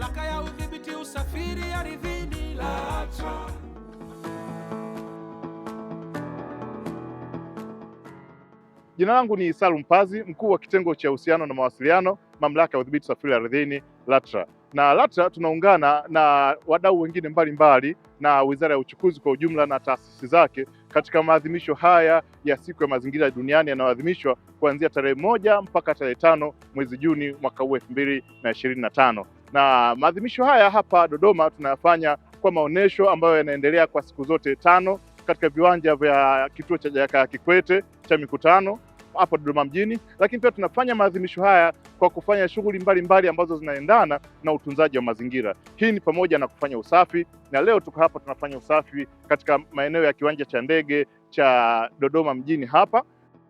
mamlaka ya udhibiti usafiri ardhini LATRA. Jina langu ni Salum Pazi, mkuu wa kitengo cha uhusiano na mawasiliano, mamlaka ya udhibiti usafiri ardhini LATRA. Na LATRA tunaungana na wadau wengine mbalimbali mbali, na Wizara ya Uchukuzi kwa ujumla na taasisi zake katika maadhimisho haya ya siku ya mazingira duniani yanayoadhimishwa kuanzia tarehe moja mpaka tarehe tano mwezi Juni mwaka huu elfu mbili na ishirini na tano na maadhimisho haya hapa Dodoma tunayafanya kwa maonesho ambayo yanaendelea kwa siku zote tano katika viwanja vya kituo cha Jakaya Kikwete cha mikutano hapa Dodoma mjini, lakini pia tunafanya maadhimisho haya kwa kufanya shughuli mbalimbali ambazo zinaendana na utunzaji wa mazingira. Hii ni pamoja na kufanya usafi, na leo tuko hapa tunafanya usafi katika maeneo ya kiwanja cha ndege cha Dodoma mjini hapa.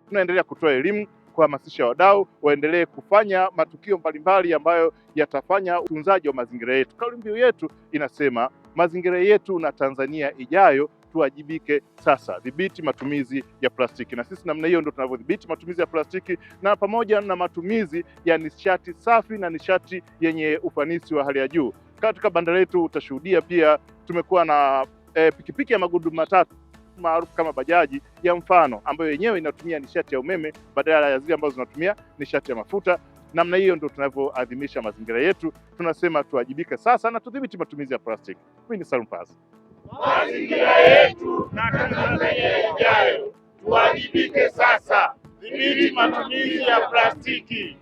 Tunaendelea kutoa elimu kuhamasisha wadau waendelee kufanya matukio mbalimbali ambayo yatafanya utunzaji wa mazingira yetu. Kauli mbiu yetu inasema mazingira yetu na Tanzania ijayo, tuwajibike sasa, dhibiti matumizi ya plastiki. Na sisi namna hiyo ndio tunavyodhibiti matumizi ya plastiki na pamoja na matumizi ya nishati safi na nishati yenye ufanisi wa hali ya juu. Katika banda letu utashuhudia pia tumekuwa na e, pikipiki ya magurudumu matatu maarufu kama bajaji ya mfano ambayo yenyewe inatumia nishati ya umeme badala ya zile ambazo zinatumia nishati ya mafuta. Namna hiyo ndio tunavyoadhimisha mazingira yetu, tunasema tuwajibike sasa na tudhibiti matumizi ya plastiki. Mimi ni Salum Pazi. Mazingira yetu na Tanzania ijayo, tuwajibike sasa, dhibiti matumizi ya plastiki.